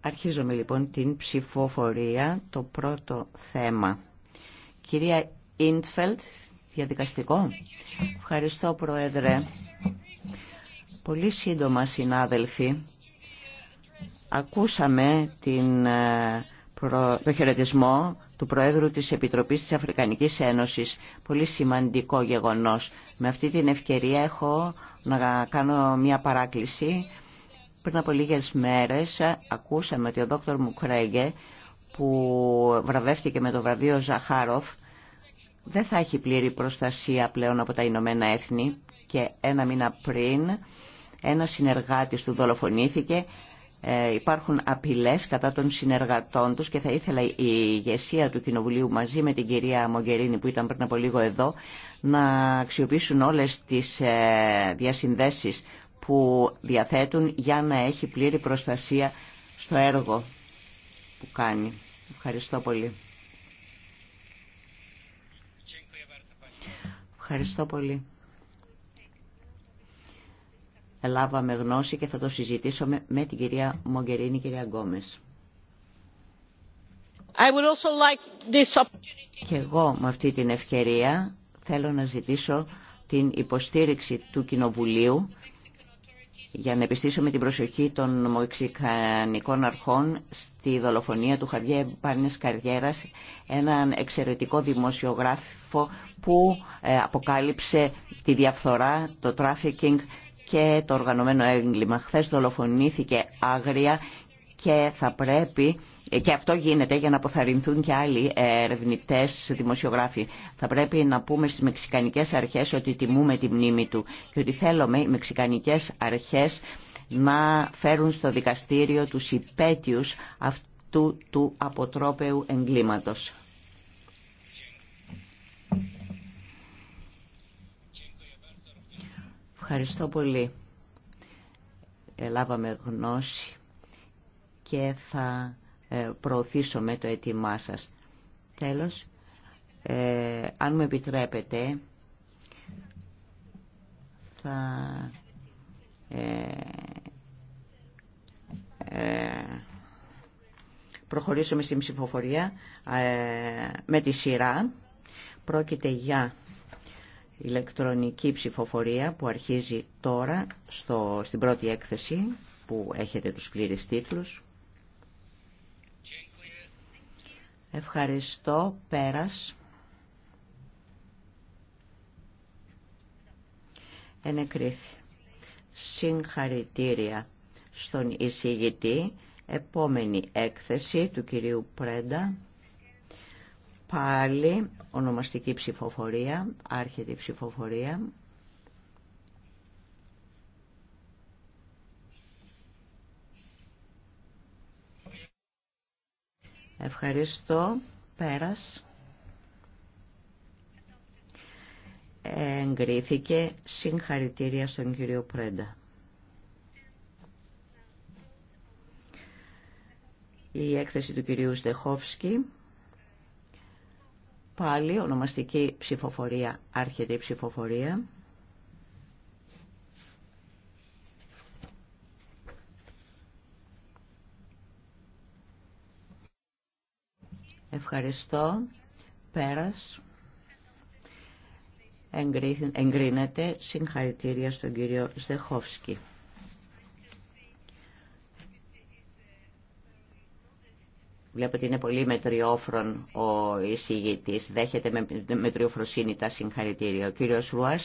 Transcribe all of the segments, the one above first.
Αρχίζουμε λοιπόν την ψηφοφορία, το πρώτο θέμα. Κυρία Ίντφελτ, διαδικαστικό. Ευχαριστώ Πρόεδρε. Πολύ σύντομα συνάδελφοι, ακούσαμε την, ε, το χαιρετισμό του Προέδρου της Επιτροπής της Αφρικανικής Ένωσης. Πολύ σημαντικό γεγονός. Με αυτή την ευκαιρία έχω να κάνω μια παράκληση. Πριν από λίγες μέρες ε, ακούσαμε ότι ο δόκτωρ Μουκρέγκε που βραβεύτηκε με το βραβείο Ζαχάροφ δεν θα έχει πλήρη προστασία πλέον από τα Ηνωμένα Έθνη και ένα μήνα πριν ένα συνεργάτης του δολοφονήθηκε ε, υπάρχουν απειλές κατά των συνεργατών τους και θα ήθελα η ηγεσία του Κοινοβουλίου μαζί με την κυρία Μογκερίνη που ήταν πριν από λίγο εδώ να αξιοποιήσουν όλες τις ε, διασυνδέσεις που διαθέτουν για να έχει πλήρη προστασία στο έργο που κάνει. Ευχαριστώ πολύ. Ευχαριστώ πολύ λάβαμε γνώση και θα το συζητήσουμε με την κυρία Μογκερίνη, κυρία Γκόμες. I like this Και εγώ με αυτή την ευκαιρία θέλω να ζητήσω την υποστήριξη του Κοινοβουλίου για να επιστήσουμε την προσοχή των μοξικανικών αρχών στη δολοφονία του Χαβιέ Πάνες Καριέρας, έναν εξαιρετικό δημοσιογράφο που ε, αποκάλυψε τη διαφθορά, το τράφικινγκ και το οργανωμένο έγκλημα. Χθε δολοφονήθηκε άγρια και θα πρέπει και αυτό γίνεται για να αποθαρρυνθούν και άλλοι ερευνητέ, δημοσιογράφοι. Θα πρέπει να πούμε στι μεξικανικέ αρχέ ότι τιμούμε τη μνήμη του και ότι θέλουμε οι μεξικανικέ αρχέ να φέρουν στο δικαστήριο τους υπέτειους αυτού του αποτρόπαιου εγκλήματος. Ευχαριστώ πολύ. Ελάβαμε γνώση και θα ε, προωθήσω με το έτοιμά σας. Τέλος, ε, αν μου επιτρέπετε, θα... Ε, ε, προχωρήσουμε στην ψηφοφορία ε, με τη σειρά. Πρόκειται για ηλεκτρονική ψηφοφορία που αρχίζει τώρα στο, στην πρώτη έκθεση που έχετε τους πλήρες τίτλους. Ευχαριστώ. Πέρας. Ενεκρίθη. Συγχαρητήρια στον εισηγητή. Επόμενη έκθεση του κυρίου Πρέντα. Πάλι ονομαστική ψηφοφορία, άρχεται ψηφοφορία. Ευχαριστώ. Πέρας. Εγκρίθηκε συγχαρητήρια στον κύριο Πρέντα. Η έκθεση του κυρίου Στεχόφσκι. Πάλι ονομαστική ψηφοφορία. Άρχεται η ψηφοφορία. Ευχαριστώ. Πέρας. Εγκρίνεται. Συγχαρητήρια στον κύριο Στεχόφσκι. Βλέπω ότι είναι πολύ μετριόφρον ο εισηγητή. Δέχεται με μετριοφροσύνη τα συγχαρητήρια. Ο κύριος Ρουά,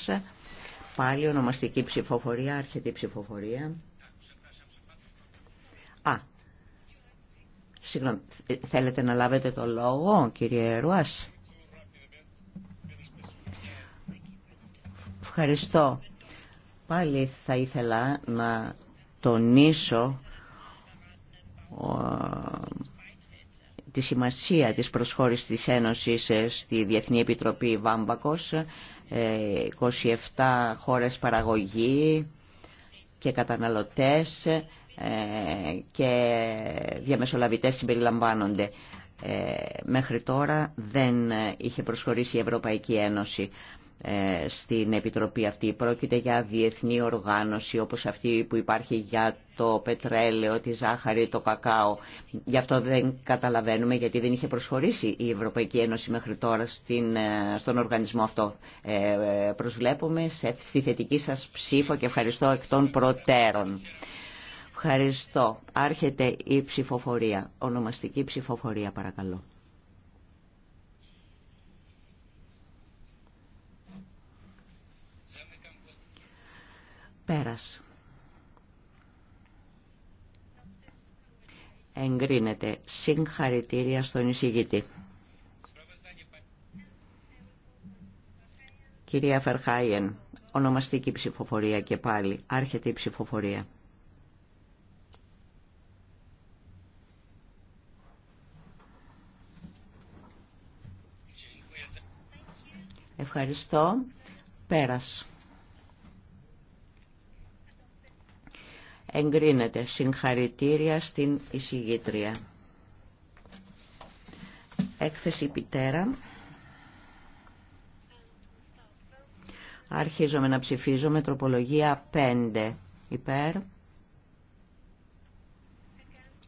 πάλι ονομαστική ψηφοφορία, άρχεται ψηφοφορία. Α, συγγνώμη, θέλετε να λάβετε το λόγο, κύριε Ρούα. Ευχαριστώ. Πάλι θα ήθελα να τονίσω τη σημασία της προσχώρησης της Ένωσης ε, στη Διεθνή Επιτροπή Βάμπακος, 27 ε, χώρες παραγωγή και καταναλωτές ε, και διαμεσολαβητές συμπεριλαμβάνονται. μέχρι τώρα δεν είχε προσχωρήσει η Ευρωπαϊκή Ένωση. Ε, στην Επιτροπή αυτή. Πρόκειται για διεθνή οργάνωση όπως αυτή που υπάρχει για το πετρέλαιο, τη ζάχαρη, το κακάο. Γι' αυτό δεν καταλαβαίνουμε γιατί δεν είχε προσχωρήσει η Ευρωπαϊκή Ένωση μέχρι τώρα στην, ε, στον οργανισμό αυτό. Ε, προσβλέπουμε σε, στη θετική σας ψήφο και ευχαριστώ εκ των προτέρων. Ευχαριστώ. Άρχεται η ψηφοφορία. Ονομαστική ψηφοφορία παρακαλώ. Πέρας. Εγκρίνεται. Συγχαρητήρια στον εισηγητή. Κυρία Φερχάιεν, ονομαστική ψηφοφορία και πάλι. Άρχεται η ψηφοφορία. Ευχαριστώ. Πέρας. εγκρίνεται. Συγχαρητήρια στην εισηγήτρια. Έκθεση Πιτέρα. Αρχίζομαι να ψηφίζω με τροπολογία 5. Υπέρ.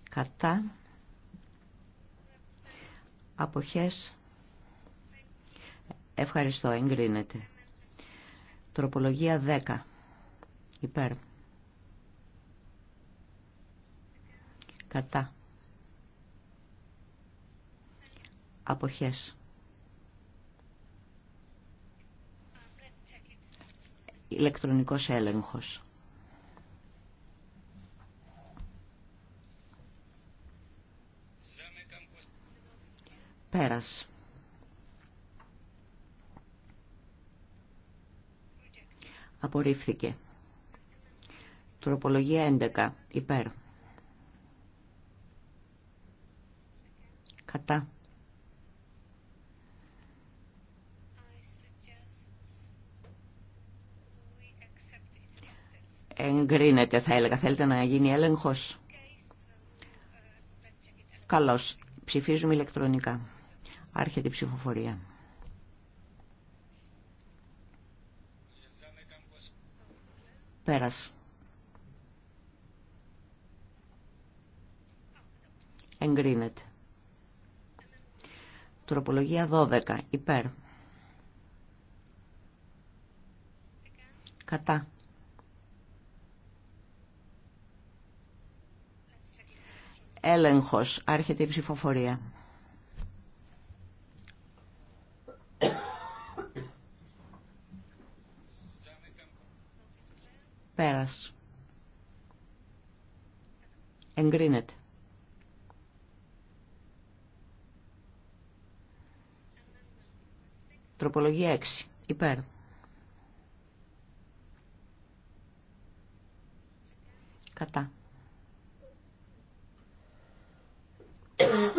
Κατά. Αποχές. Ευχαριστώ. Εγκρίνεται. Τροπολογία 10. Υπέρ. κατά αποχές. Ηλεκτρονικός έλεγχος. Πέρας. Απορρίφθηκε. Τροπολογία 11. Υπέρ. Κατά. Εγκρίνεται θα έλεγα. Θέλετε να γίνει έλεγχος. Καλώς. Ψηφίζουμε ηλεκτρονικά. Άρχεται η ψηφοφορία. Πέρας. Εγκρίνεται. Τροπολογία 12. Υπέρ. Κατά. Έλεγχος. Άρχεται η ψηφοφορία. Πέρας. Εγκρίνεται. Τροπολογία 6. Υπέρ. Κατά.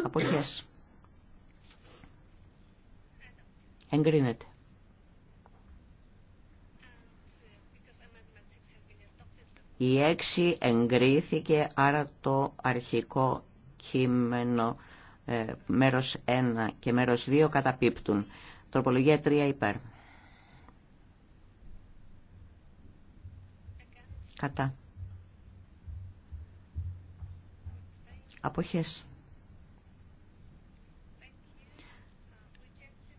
Αποχές. Εγκρίνεται. Η 6 εγκρίθηκε, άρα το αρχικό κείμενο ε, μέρος 1 και μέρος 2 καταπίπτουν. Τροπολογία 3 υπέρ. Κατά. Αποχές.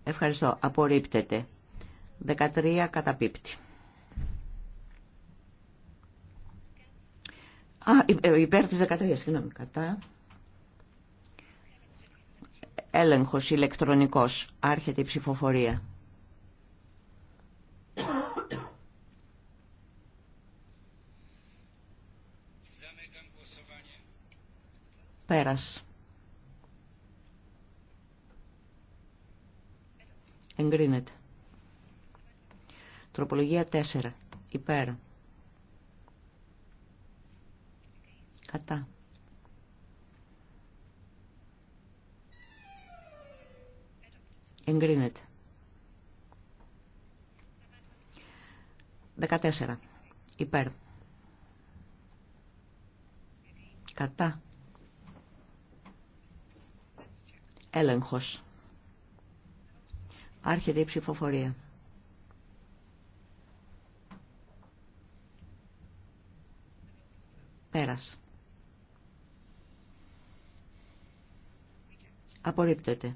Ευχαριστώ. Απορρίπτεται. 13 καταπίπτει. Α, ε, υπέρ της 13, συγγνώμη, κατά. Έλεγχος ηλεκτρονικός. Άρχεται η ψηφοφορία. Πέρας. Εγκρίνεται. Τροπολογία 4. Υπέρ. Κατά. Εγκρίνεται. 14. Υπέρ. Κατά. Έλεγχος. Άρχεται η ψηφοφορία. Πέρας. Απορρίπτεται.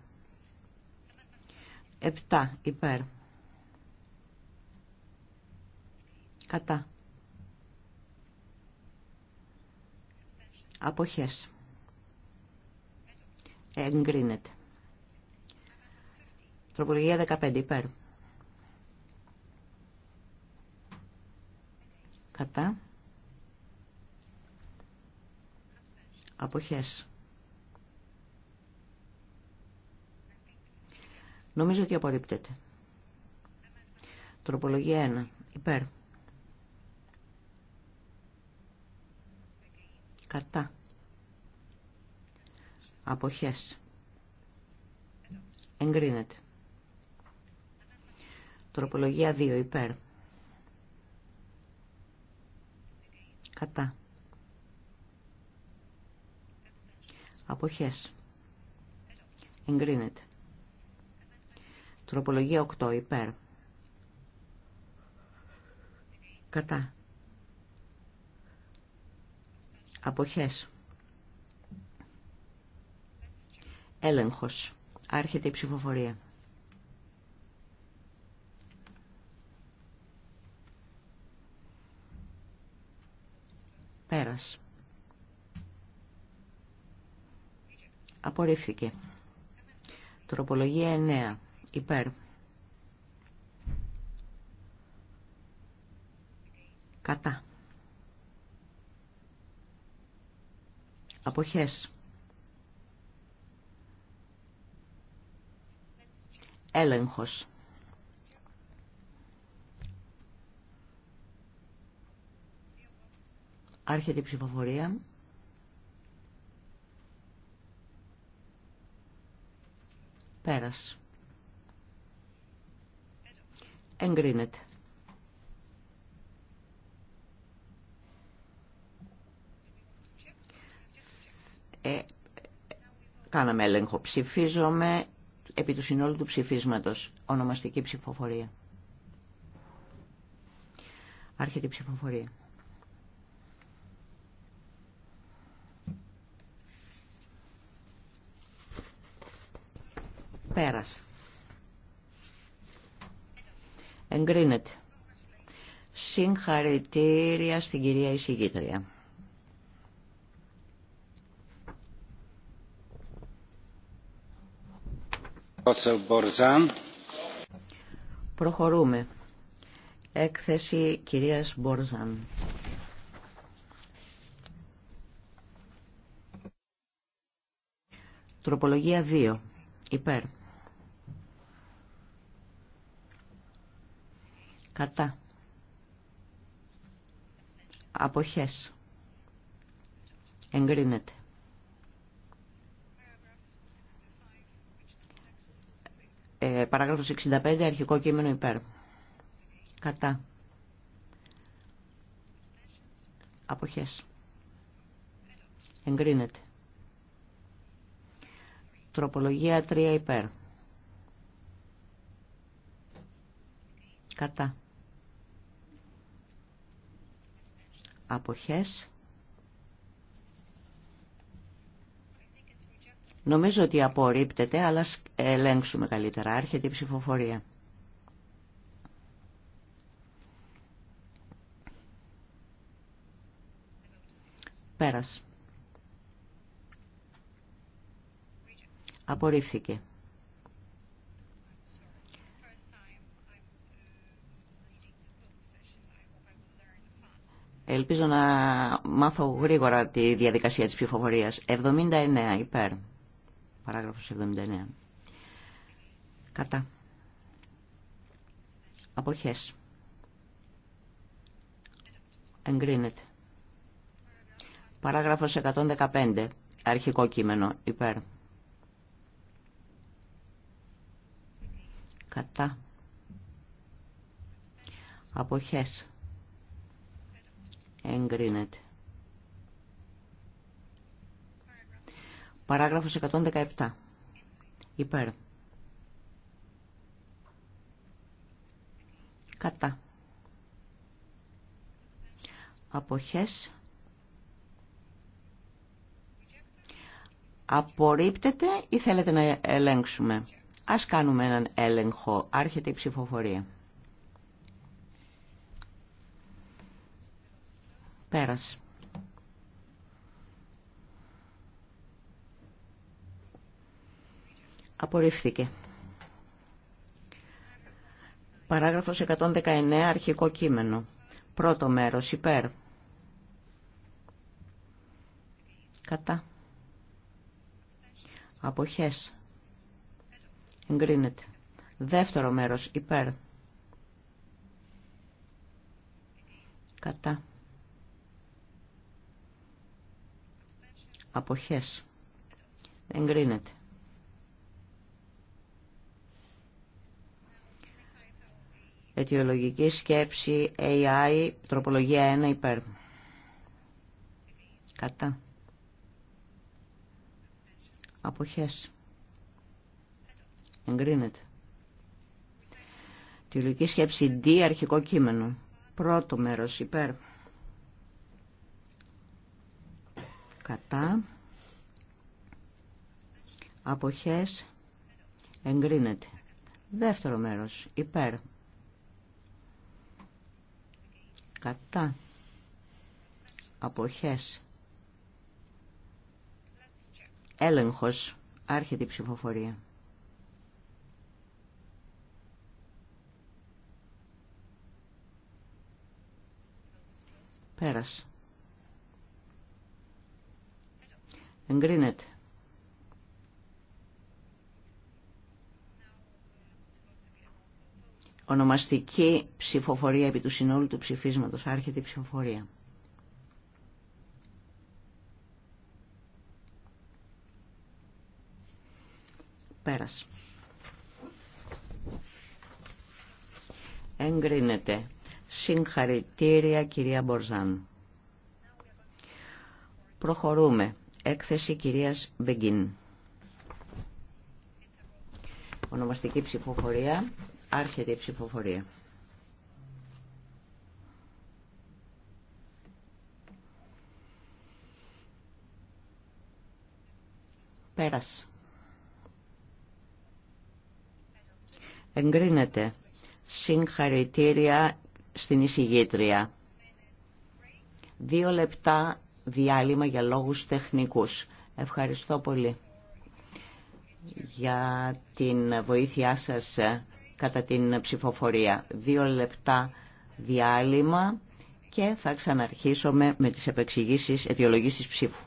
Επτά υπέρ. Κατά. Αποχές. Εγκρίνεται. Τροπολογία 15 υπέρ. Κατά. Αποχές. Νομίζω ότι απορρίπτεται. Τροπολογία 1. Υπέρ. Κατά. Αποχές. Εγκρίνεται. Τροπολογία 2. Υπέρ. Κατά. Αποχές. Εγκρίνεται. Τροπολογία 8 υπέρ. Κατά. Αποχές. Έλεγχος. Άρχεται η ψηφοφορία. Πέρας. Απορρίφθηκε. Τροπολογία 9. Υπέρ. Κατά. Αποχές. Έλεγχος. Άρχεται η ψηφοφορία. Πέρας εγκρίνεται. Ε, κάναμε έλεγχο. Ψηφίζομαι επί του συνόλου του ψηφίσματος. Ονομαστική ψηφοφορία. Άρχεται η ψηφοφορία. Εγκρίνεται. Συγχαρητήρια στην κυρία εισηγήτρια. Προχωρούμε. Έκθεση κυρίας Μπορζάν. Τροπολογία 2. Υπέρ. κατά αποχές εγκρίνεται ε, παράγραφος 65 αρχικό κείμενο υπέρ κατά αποχές εγκρίνεται τροπολογία 3 υπέρ κατά αποχές Νομίζω ότι απορρίπτεται, αλλά ελέγξουμε καλύτερα. Άρχεται η ψηφοφορία. Πέρας. Απορρίφθηκε. Ελπίζω να μάθω γρήγορα τη διαδικασία της ψηφοφορίας. 79 υπέρ. Παράγραφος 79. Κατά. Αποχές. Εγκρίνεται. Παράγραφος 115. Αρχικό κείμενο. Υπέρ. Κατά. Αποχές εγκρίνεται. Παράγραφος 117. Υπέρ. Κατά. Αποχές. Απορρίπτεται ή θέλετε να ελέγξουμε. Ας κάνουμε έναν έλεγχο. Άρχεται η ψηφοφορία. Πέρασε. Απορρίφθηκε. Παράγραφος 119, αρχικό κείμενο. Πρώτο μέρος, υπέρ. Κατά. Αποχές. Εγκρίνεται. Δεύτερο μέρος, υπέρ. Κατά. Αποχές. Εγκρίνεται. Αιτιολογική σκέψη AI, τροπολογία 1 υπέρ. Κατά. Αποχές. Εγκρίνεται. Αιτιολογική σκέψη D, αρχικό κείμενο. Πρώτο μέρος υπέρ. κατά αποχές εγκρίνεται δεύτερο μέρος υπέρ κατά αποχές έλεγχος άρχεται η ψηφοφορία πέρας Εγκρίνεται. Ονομαστική ψηφοφορία επί του συνόλου του ψηφίσματος. Άρχεται η ψηφοφορία. Πέρας. Εγκρίνεται. Συγχαρητήρια κυρία Μπορζάν. Προχωρούμε έκθεση κυρίας Μπεγκίν. Ονομαστική ψηφοφορία, άρχεται η ψηφοφορία. Πέρας. Εγκρίνεται. Συγχαρητήρια στην εισηγήτρια. Δύο λεπτά διάλειμμα για λόγους τεχνικούς. Ευχαριστώ πολύ για την βοήθειά σας ε, κατά την ψηφοφορία. Δύο λεπτά διάλειμμα και θα ξαναρχίσουμε με τις επεξηγήσεις, αιτιολογήσεις ψήφου.